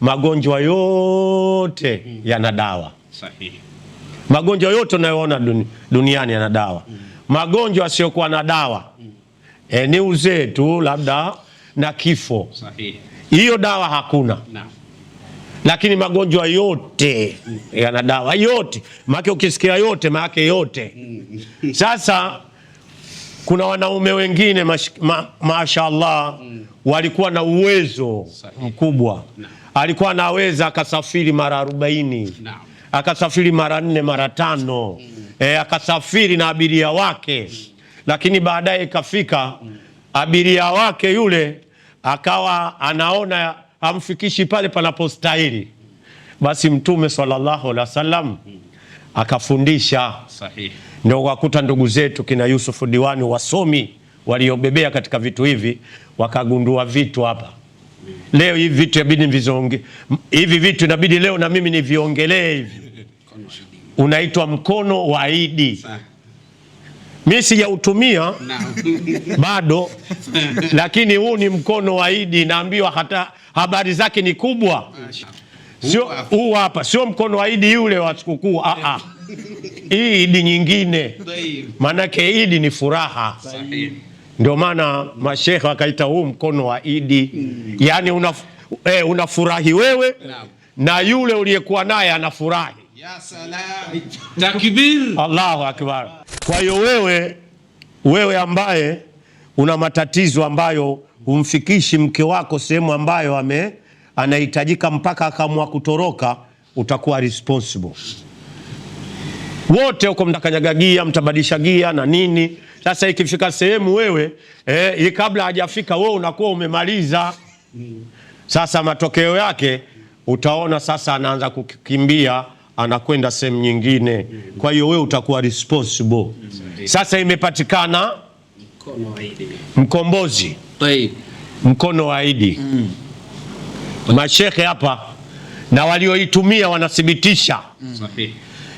Magonjwa yote yana dawa sahihi. Magonjwa yote unayoona duniani yana dawa mm. magonjwa yasiyokuwa na dawa mm. e, ni uzee tu labda na kifo sahihi. Hiyo dawa hakuna na. Lakini magonjwa yote mm. yana dawa yote, maana ukisikia yote maana yote mm. sasa kuna wanaume wengine ma, mm. walikuwa na uwezo Sahi. mkubwa na. alikuwa anaweza akasafiri mara arobaini akasafiri mara nne mara tano mm. e, akasafiri na abiria wake mm. lakini baadaye ikafika mm. abiria wake yule akawa anaona amfikishi pale panapostahili. Basi Mtume sallallahu alaihi wasallam mm akafundisha sahihi. Ndio wakuta ndugu zetu kina Yusufu Diwani, wasomi waliobebea katika vitu hivi, wakagundua vitu hapa leo. Hivi vitu inabidi vizonge hivi vitu inabidi leo na mimi niviongelee hivi. Unaitwa mkono wa Idi. Mi sijautumia bado, lakini huu ni mkono wa Idi, naambiwa hata habari zake ni kubwa sio huu hapa, sio mkono wa idi yule wa sikukuu. Hii ah, ah. idi nyingine, maanake idi ni furaha. Ndio maana mashekhe wakaita huu mkono wa idi mm. Yani una, eh, unafurahi wewe na yule uliyekuwa naye anafurahi. Ya salam. Takbir. Allahu akbar. Kwa hiyo wewe wewe ambaye una matatizo ambayo humfikishi mke wako sehemu ambayo ame anahitajika mpaka akaamua kutoroka, utakuwa responsible wote huko, mtakanyaga gia, mtabadilisha gia na nini. Sasa ikifika sehemu wewe eh, kabla hajafika wewe unakuwa umemaliza. Sasa matokeo yake utaona sasa anaanza kukimbia, anakwenda sehemu nyingine. Kwa hiyo wewe utakuwa responsible. Sasa imepatikana mkombozi, mkono wa Idi mashehe hapa na walioitumia wanathibitisha mm.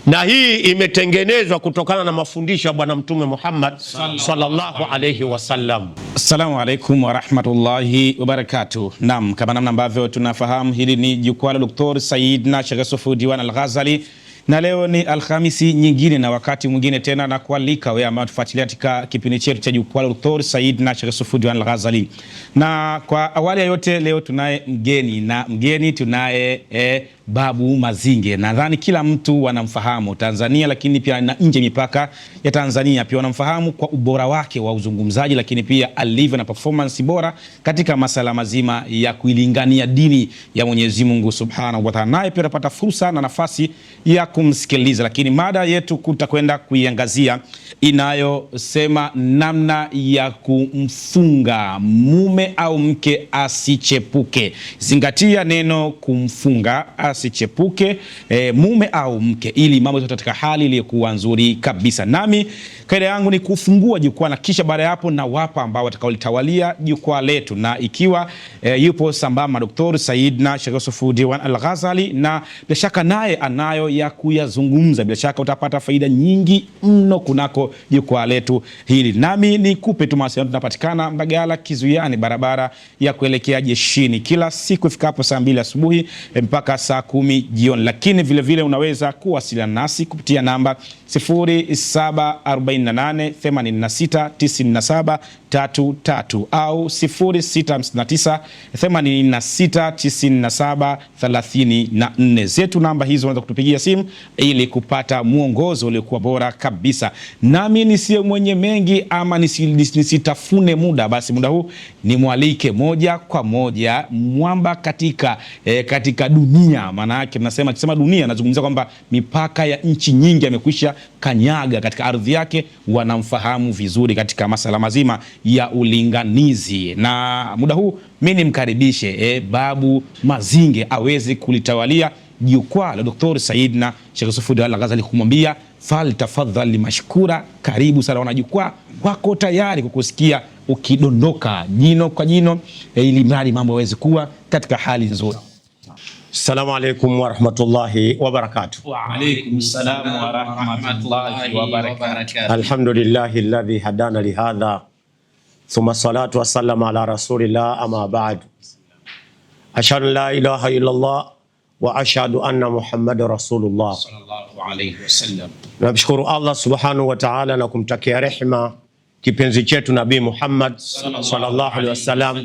na hii imetengenezwa kutokana na mafundisho ya Bwana Mtume Muhammad sallallahu alayhi wasallam. Assalamu rahmatullahi wa barakatuh. Naam, kama namna ambavyo tunafahamu hili ni jukwaa la Dr. Sayyidna Sheikh Saiidna Diwan Al-Ghazali na leo ni Alhamisi nyingine na wakati mwingine tena na kualika wewe ambao tufuatilia katika kipindi chetu cha Jukwaa la Udhuur, Said Nashr Sufudiwan Al-Ghazali. Na kwa awali ya yote leo tunaye mgeni na mgeni tunaye eh, Babu Mazinge. Nadhani kila mtu wanamfahamu Tanzania, lakini pia na nje mipaka ya Tanzania pia wanamfahamu kwa ubora wake wa uzungumzaji, lakini pia alivyo na performance bora katika masala mazima ya kuilingania dini ya Mwenyezi Mungu Subhanahu wa Ta'ala. Naye pia atapata fursa na nafasi ya kumsikiliza, lakini mada yetu kutakwenda kuiangazia inayosema namna ya kumfunga mume au mke asichepuke. Zingatia neno kumfunga asichepuke, e, mume au mke, ili mambo yote katika hali iliyokuwa nzuri kabisa. Nami kaida yangu ni kufungua jukwaa na kisha baada ya hapo na wapa ambao watakaolitawalia jukwaa letu, na ikiwa e, yupo sambamba Dr. Said na Sheikh Yusufu Diwan Al-Ghazali, na bila shaka naye anayo ya kuyazungumza. Bila shaka utapata faida nyingi mno kunako jukwaa letu hili. Nami nikupe tu mawasiliano, tunapatikana Mbagala Kizuiani, barabara ya kuelekea jeshini, kila siku ifikapo saa mbili asubuhi eh, mpaka saa kumi jioni, lakini vilevile vile unaweza kuwasiliana nasi kupitia namba 0748869733 au 0659869734 zetu. Namba hizo unaweza kutupigia simu ili kupata mwongozo uliokuwa bora kabisa. Nami nisiye mwenye mengi ama nisitafune muda, basi muda huu nimwalike moja kwa moja mwamba katika, eh, katika dunia. Maana yake nasema kisema dunia, nazungumzia kwamba mipaka ya nchi nyingi amekwisha kanyaga katika ardhi yake, wanamfahamu vizuri katika masala mazima ya ulinganizi, na muda huu mi nimkaribishe eh, Babu Mazinge aweze kulitawalia jukwaa la Doktor Saidna Sheikh Sufudi al Ghazali kumwambia fal tafadhali mashkura, karibu sana wanajukwaa, wako tayari kukusikia ukidondoka jino kwa jino, ili mradi mambo yaweze kuwa katika hali nzuri. Assalamu alaykum wa rahmatullahi wa barakatuh. Wa alaykum salam wa rahmatullahi wa barakatuh. Alhamdulillahi alladhi hadana li hadha thumma salatu wa salam ala rasulillah amma ba'd. Ashhadu an la ilaha illa Allah wa ashhadu anna Muhammadan rasulullah sallallahu alayhi wasallam. Namshukuru Allah subhanahu wa ta'ala na kumtakia rehma kipenzi chetu Nabii Muhammad sallallahu alayhi wasallam,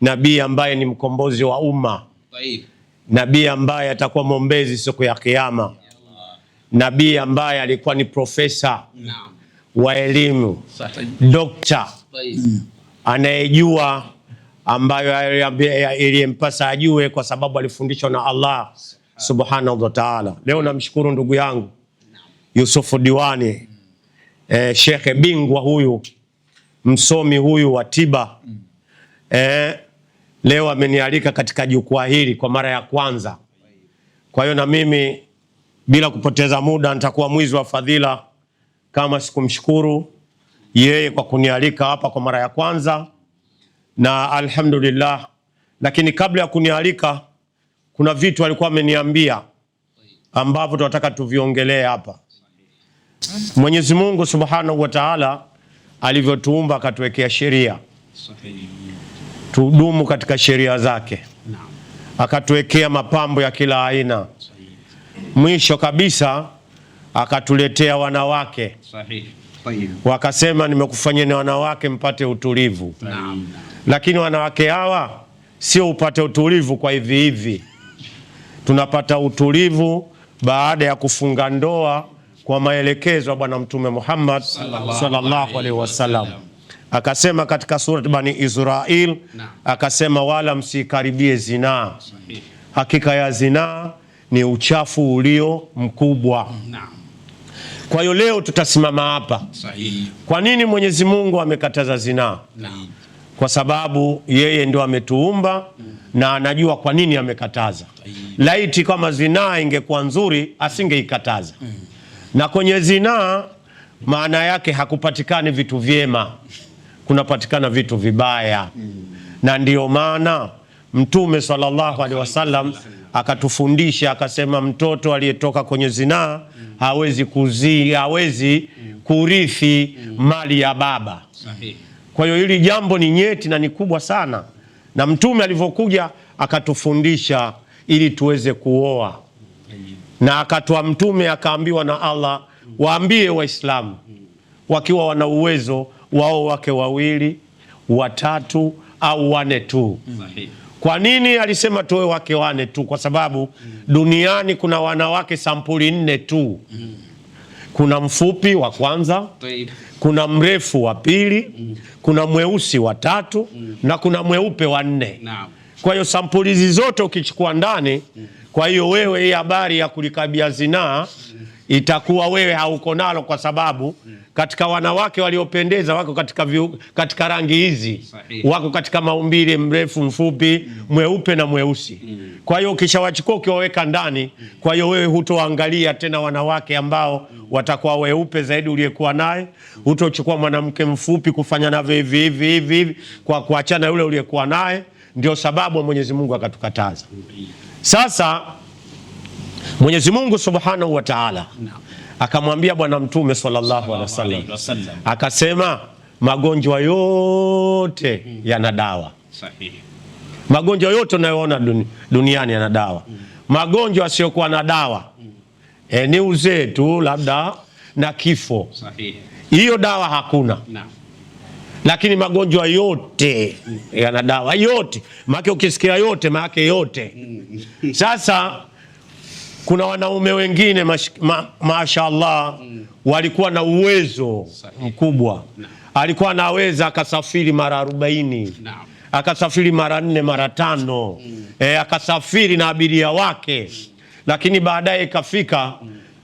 nabii ambaye ni mkombozi wa umma, nabii ambaye atakuwa mwombezi siku ya Kiyama, nabii ambaye alikuwa ni profesa wa elimu, dokta anayejua ambayo ilimpasa ajue kwa sababu alifundishwa na Allah subhanahu wa ta'ala. Leo namshukuru ndugu yangu Yusufu Diwani e, shekhe bingwa huyu msomi huyu wa tiba e, leo amenialika katika jukwaa hili kwa mara ya kwanza. Kwa hiyo na mimi bila kupoteza muda nitakuwa mwizi wa fadhila kama sikumshukuru yeye kwa kunialika hapa kwa mara ya kwanza na alhamdulillah. Lakini kabla ya kunialika, kuna vitu alikuwa ameniambia ambavyo tunataka tuviongelee hapa. Mwenyezi Mungu Subhanahu wa Ta'ala alivyotuumba akatuwekea sheria, tudumu katika sheria zake, akatuwekea mapambo ya kila aina, mwisho kabisa akatuletea wanawake wakasema nimekufanyia ni wanawake mpate utulivu lakini wanawake hawa sio upate utulivu kwa hivi hivi. Tunapata utulivu baada ya kufunga ndoa kwa maelekezo ya Bwana Mtume Muhammad sallallahu alaihi wasallam akasema katika surat Bani Israil na, akasema wala msikaribie zinaa, hakika ya zinaa ni uchafu ulio mkubwa na. Kwa hiyo leo tutasimama hapa. Sahihi. Kwa nini Mwenyezi Mungu amekataza zinaa? Kwa sababu yeye ndio ametuumba na anajua kwa nini amekataza. Laiti kama zinaa ingekuwa nzuri asingeikataza mm. na kwenye zinaa maana yake hakupatikani vitu vyema, kunapatikana vitu vibaya mm. na ndiyo maana Mtume sallallahu alaihi wasallam akatufundisha akasema, mtoto aliyetoka kwenye zinaa hawezi kuzi, hawezi kurithi mali ya baba. Kwa hiyo hili jambo ni nyeti na ni kubwa sana, na Mtume alivyokuja akatufundisha ili tuweze kuoa, na akatoa Mtume akaambiwa na Allah waambie Waislamu wakiwa wana uwezo wao wake wawili watatu au wane tu kwa nini alisema tuwe wake wane tu? Kwa sababu duniani kuna wanawake sampuli nne tu. Kuna mfupi wa kwanza, kuna mrefu wa pili, kuna mweusi wa tatu na kuna mweupe wa nne. Kwa hiyo sampuli hizi zote ukichukua ndani kwa hiyo wewe, hii habari ya kulikabia zinaa itakuwa wewe hauko nalo, kwa sababu katika wanawake waliopendeza wako katika, viu, katika rangi hizi wako katika maumbile mrefu, mfupi, mweupe na mweusi. Kwa hiyo ukishawachukua ukiwaweka ndani, kwa hiyo wewe hutoangalia tena wanawake ambao watakuwa weupe zaidi uliyekuwa naye, hutochukua mwanamke mfupi kufanya navyo hivi hivi hivi hivi, kwa kuachana yule uliyekuwa naye. Ndio sababu Mwenyezi Mungu akatukataza. Sasa Mwenyezi Mungu Subhanahu wa Ta'ala akamwambia Bwana Mtume sallallahu alaihi wasallam, akasema magonjwa yote yana dawa sahihi. Magonjwa yote unayoona duniani yana dawa mm. Magonjwa yasiyokuwa na dawa hmm, e, ni uzee tu labda na kifo sahihi. Hiyo dawa hakuna Naam lakini magonjwa yote yana dawa yote, maana ukisikia yote maana yote. Sasa kuna wanaume wengine mashaallah ma, ma walikuwa na uwezo mkubwa, alikuwa anaweza akasafiri mara arobaini akasafiri mara nne mara tano e, akasafiri na abiria wake, lakini baadaye ikafika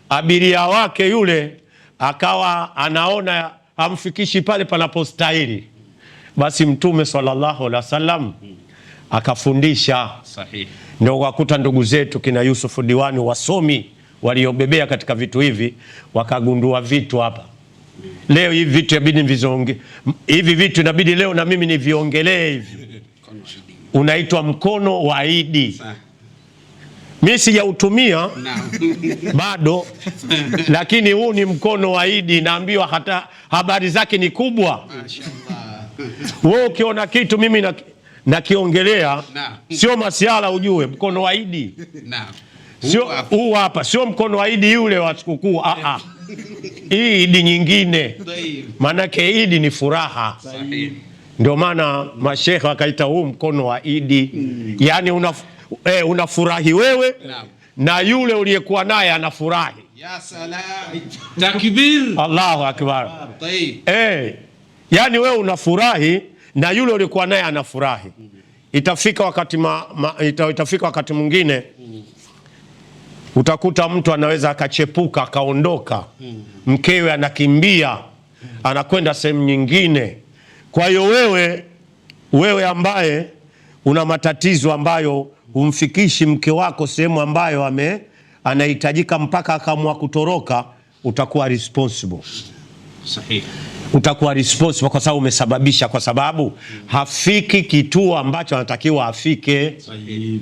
abiria wake yule akawa anaona hamfikishi pale panapostahili, basi Mtume sallallahu alaihi wasallam akafundisha sahihi. Ndio ndugu zetu kina Yusufu Diwani, wasomi waliobebea katika vitu hivi, wakagundua vitu hapa leo. Hivi vitu inabidi nivizonge, hivi vitu inabidi leo na mimi niviongelee hivi. Unaitwa mkono wa Idi mi sijautumia bado, lakini huu ni mkono wa Idi, naambiwa hata habari zake ni kubwa. Wewe ukiona kitu mimi na nakiongelea sio masiala, ujue mkono wa Idi sio huu hapa, sio mkono wa Idi yule wa sikukuu. Aa, hii Idi nyingine, maanake Idi ni furaha Ndio maana mashekhe wakaita huu mkono wa Idi, mm. yani una eh, unafurahi wewe na, na yule uliyekuwa naye anafurahi. Ya salam. Takbir. Allahu akbar. Eh, yani wewe unafurahi na yule uliyekuwa naye anafurahi. Itafika wakati ma, ma, ita, itafika wakati mwingine utakuta mtu anaweza akachepuka akaondoka, mkewe anakimbia anakwenda sehemu nyingine. Kwa hiyo wewe wewe ambaye una matatizo ambayo humfikishi mke wako sehemu ambayo ame anahitajika mpaka akaamua kutoroka, utakuwa responsible. Sahihi, utakuwa responsible kwa sababu umesababisha, kwa sababu hafiki kituo ambacho anatakiwa afike. Sahihi.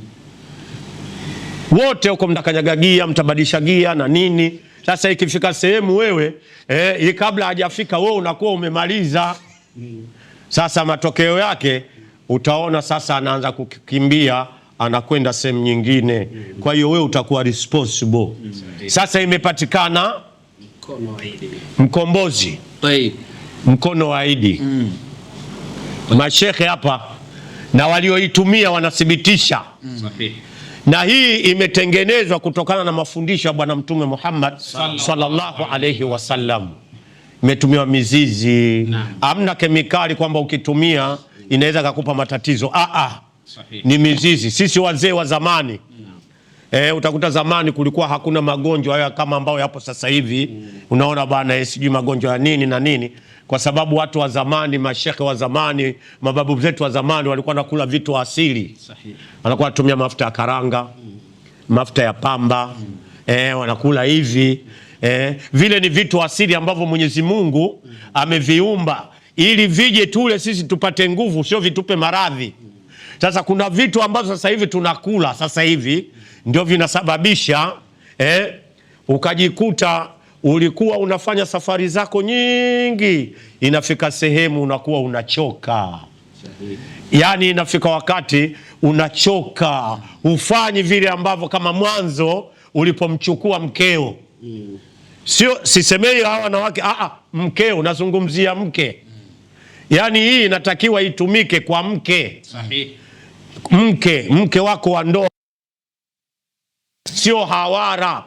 Wote huko mtakanyaga gia, mtabadilisha gia na nini. Sasa ikifika sehemu wewe eh, kabla hajafika wewe unakuwa umemaliza. Hmm. Sasa matokeo yake utaona sasa anaanza kukimbia anakwenda sehemu nyingine. Kwa hiyo wewe utakuwa responsible. Sasa imepatikana mkombozi, mkono wa Idi. Mm. Mashekhe hapa na walioitumia wanathibitisha mm. na hii imetengenezwa kutokana na mafundisho ya Bwana Mtume Muhammad sallallahu alaihi wasallam. Imetumiwa mizizi, hamna kemikali kwamba ukitumia inaweza kakupa matatizo. Aa. Ah, ah ni mizizi. Sisi wazee wa zamani E, utakuta zamani kulikuwa hakuna magonjwa haya kama ambayo yapo sasa hivi mm. Unaona bana, eh, sijui magonjwa ya nini na nini, kwa sababu watu wa zamani, mashehe wa zamani, mababu zetu wa zamani walikuwa nakula vitu asili. Wanakuwa wanatumia mafuta ya karanga mm. mafuta ya pamba mm. E, wanakula hivi Eh, vile ni vitu asili ambavyo Mwenyezi Mungu mm. ameviumba ili vije tule sisi tupate nguvu, sio vitupe maradhi. Sasa kuna vitu ambavyo sasa hivi tunakula sasa hivi ndio vinasababisha eh, ukajikuta ulikuwa unafanya safari zako nyingi, inafika sehemu unakuwa unachoka Shahidi. Yani inafika wakati unachoka, ufanyi vile ambavyo kama mwanzo ulipomchukua mkeo mm. Sio, sisemei hawa wanawake ah, ah mkeo nazungumzia mke mm. Yani hii inatakiwa itumike kwa mke Sahi mke mke wako wa ndoa, sio hawara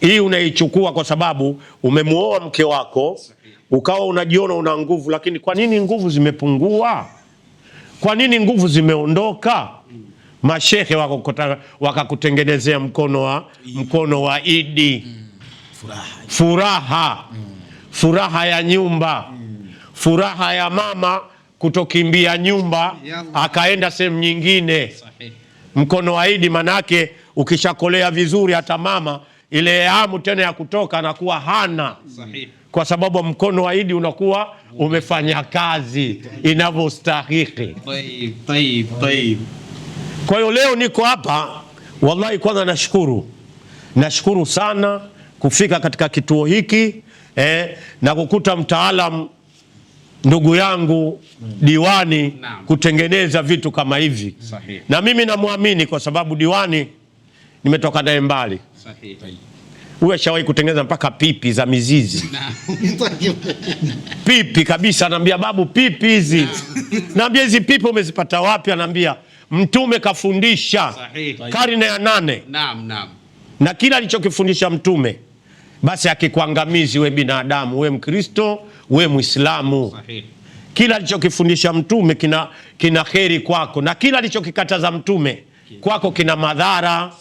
hii unaichukua kwa sababu umemuoa mke wako ukawa unajiona una nguvu. Lakini kwa nini nguvu zimepungua? Kwa nini nguvu zimeondoka? Mashehe wakakutengenezea mkono wa mkono wa idi, furaha, furaha ya nyumba, mm. furaha ya mama kutokimbia nyumba akaenda sehemu nyingine. Mkono wa Idi manake ukishakolea vizuri, hata mama ile hamu tena ya kutoka anakuwa hana Kwa sababu mkono wa Idi unakuwa umefanya kazi inavyostahiki. Kwa hiyo leo niko hapa, wallahi, kwanza nashukuru, nashukuru sana kufika katika kituo hiki eh, na kukuta mtaalamu ndugu yangu mm. diwani Naam. kutengeneza vitu kama hivi Sahi. na mimi namwamini kwa sababu diwani nimetoka naye mbali huyu ashawahi kutengeneza mpaka pipi za mizizi pipi kabisa. Anaambia babu, pipi hizi naambia, hizi pipi umezipata wapi? Anaambia Mtume kafundisha karne ya nane, naam, na kila alichokifundisha Mtume basi akikuangamizi we binadamu, we Mkristo, we Mwislamu. Kila alichokifundisha mtume kina, kina heri kwako na kila alichokikataza mtume kwako kina madhara.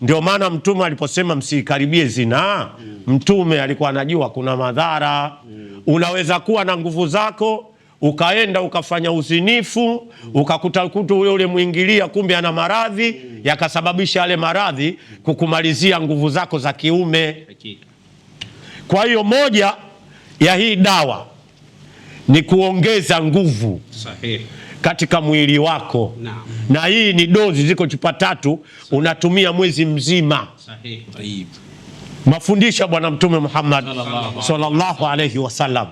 Ndio maana mtume aliposema msikaribie zinaa, mm. mtume alikuwa anajua kuna madhara. Mm. Unaweza kuwa na nguvu zako ukaenda ukafanya uzinifu mm. ukakuta kutu ule ule mwingilia, kumbe ana maradhi yakasababisha yale maradhi kukumalizia nguvu zako za kiume. Kwa hiyo moja ya hii dawa ni kuongeza nguvu sahihi katika mwili wako na, na hii ni dozi ziko chupa tatu sahihi. Unatumia mwezi mzima sahihi. Mafundisho ya Bwana Mtume Muhammad sallallahu alaihi wasallam.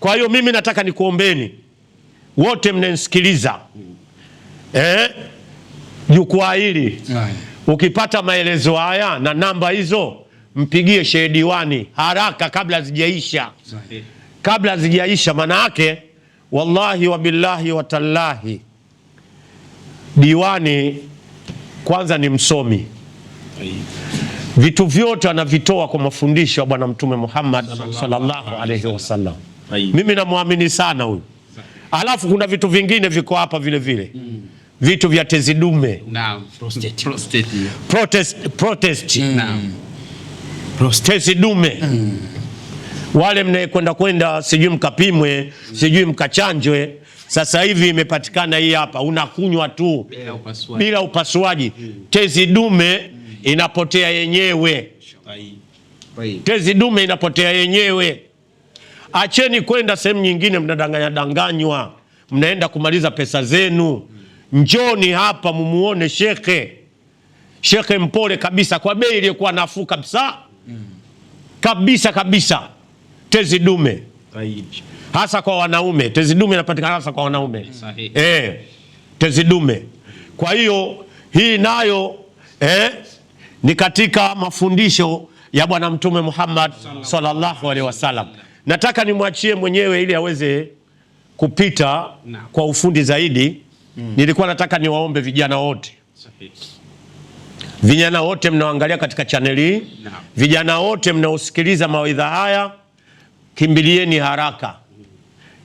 Kwa hiyo mimi nataka nikuombeni wote mnanisikiliza mm. eh? jukwaa eh, hili ukipata maelezo haya na namba hizo mpigie shehe diwani haraka, kabla zijaisha, kabla hazijaisha. Maana yake wallahi wabillahi watallahi, diwani kwanza ni msomi, vitu vyote anavitoa kwa mafundisho ya Bwana Mtume Muhammad sallallahu alaihi wasallam. Mimi namwamini sana huyu. Alafu kuna vitu vingine viko hapa vile vile mm. vitu vya tezi dume protest, protest, protest. Mm. Prostate dume mm. Wale mnayekwenda kwenda sijui mkapimwe sijui mkachanjwe, sasa hivi imepatikana hii hapa, unakunywa tu bila upasuaji, bila upasuaji. Mm. Tezi dume mm. inapotea yenyewe Tezi dume inapotea yenyewe. Acheni kwenda sehemu nyingine, mnadanganya danganywa, mnaenda kumaliza pesa zenu. Njoni hapa mumuone shekhe, shekhe mpole kabisa, kwa bei iliyokuwa nafuu kabisa kabisa kabisa, tezi dume hasa kwa wanaume. Tezi dume inapatikana hasa kwa wanaume eh, tezi dume. Kwa hiyo hii nayo eh, ni katika mafundisho ya Bwana Mtume Muhammad sallallahu alaihi wasallam. Nataka nimwachie mwenyewe ili aweze kupita na kwa ufundi zaidi. Mm. Nilikuwa nataka niwaombe vijana wote Vijana wote mnaoangalia katika chaneli hii, vijana wote mnaosikiliza mawaidha haya, kimbilieni haraka,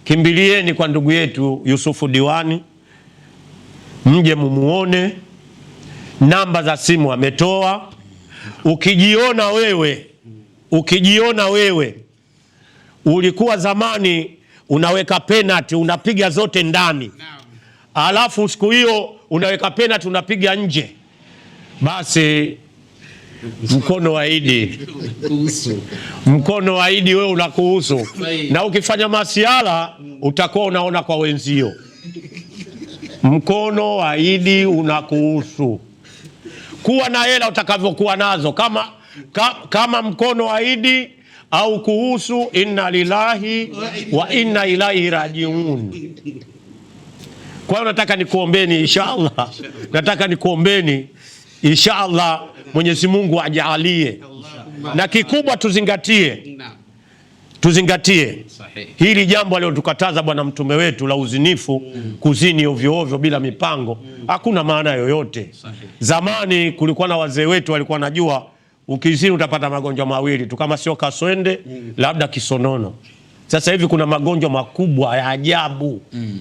kimbilieni kwa ndugu yetu Yusufu Diwani, mje mumuone. Namba za simu ametoa. Ukijiona wewe, ukijiona wewe ulikuwa zamani unaweka penati unapiga zote ndani, alafu siku hiyo unaweka penati unapiga nje basi mkono wa Idi, mkono wa Idi wewe unakuhusu, na ukifanya masiala utakuwa unaona kwa wenzio. Mkono wa Idi unakuhusu, kuwa na hela utakavyokuwa nazo, kama, ka, kama mkono wa Idi au kuhusu. Inna lillahi wa inna ilaihi rajiun. Kwa hiyo nataka nikuombeni, inshallah, nataka nikuombeni Insha Allah Mwenyezi Mungu ajaalie, na kikubwa tuzingatie, tuzingatie hili jambo aliyotukataza Bwana Mtume wetu la uzinifu, kuzini ovyo ovyo bila mipango, hakuna maana yoyote. Zamani kulikuwa na wazee wetu walikuwa najua ukizini utapata magonjwa mawili tu, kama sio kaswende, labda kisonono. Sasa hivi kuna magonjwa makubwa ya ajabu mm.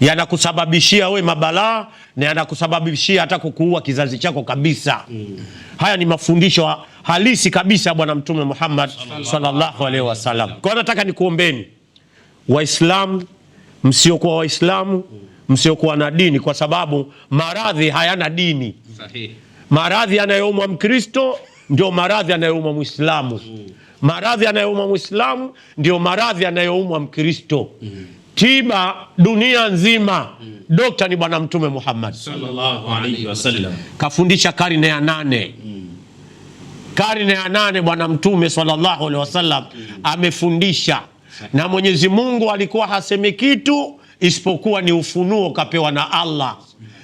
yanakusababishia we mabalaa na anakusababishia hata kukuua kizazi chako kabisa. Mm. Haya ni mafundisho halisi kabisa Bwana Mtume Muhammad sallallahu alaihi wasallam. Kwa nataka nikuombeni Waislamu msiokuwa Waislamu msiokuwa na dini, kwa sababu maradhi hayana dini. Sahihi. Maradhi anayoumwa Mkristo ndio maradhi anayoumwa Mwislamu. Maradhi anayoumwa Mwislamu ndio maradhi anayoumwa Mkristo. Mm tiba dunia nzima mm. Dokta ni Bwana Mtume Muhammad kafundisha karne ya nane mm. Karne ya nane Bwana Mtume salllahu alaihi wasallam mm. amefundisha na Mwenyezi Mungu alikuwa hasemi kitu isipokuwa ni ufunuo kapewa na Allah,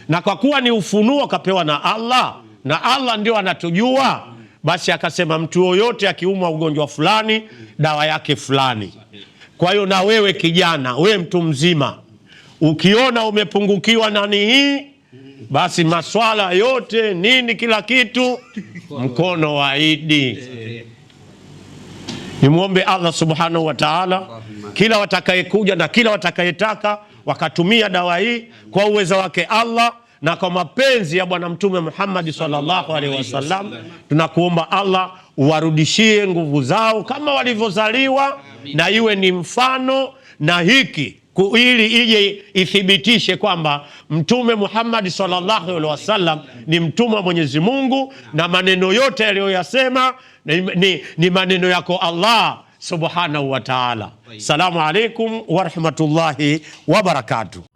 na kwa kuwa ni ufunuo kapewa na Allah na Allah ndio anatujua, basi akasema mtu yoyote akiumwa ugonjwa fulani dawa yake fulani kwa hiyo na wewe kijana, wewe mtu mzima, ukiona umepungukiwa na hii basi maswala yote nini, kila kitu, mkono wa Idi. Nimwombe Allah subhanahu wa taala, kila watakayekuja na kila watakayetaka wakatumia dawa hii kwa uwezo wake Allah na kwa mapenzi ya Bwana Mtume Muhammad sallallahu alaihi wasallam, tunakuomba Allah uwarudishie nguvu zao kama walivyozaliwa, na iwe ni mfano na hiki ili ije ithibitishe kwamba Mtume Muhammad sallallahu alaihi wasallam ni mtume wa Mwenyezi Mungu, na maneno yote aliyoyasema ni, ni, ni maneno yako Allah subhanahu wa taala. Salamu alaikum warahmatullahi wabarakatuh.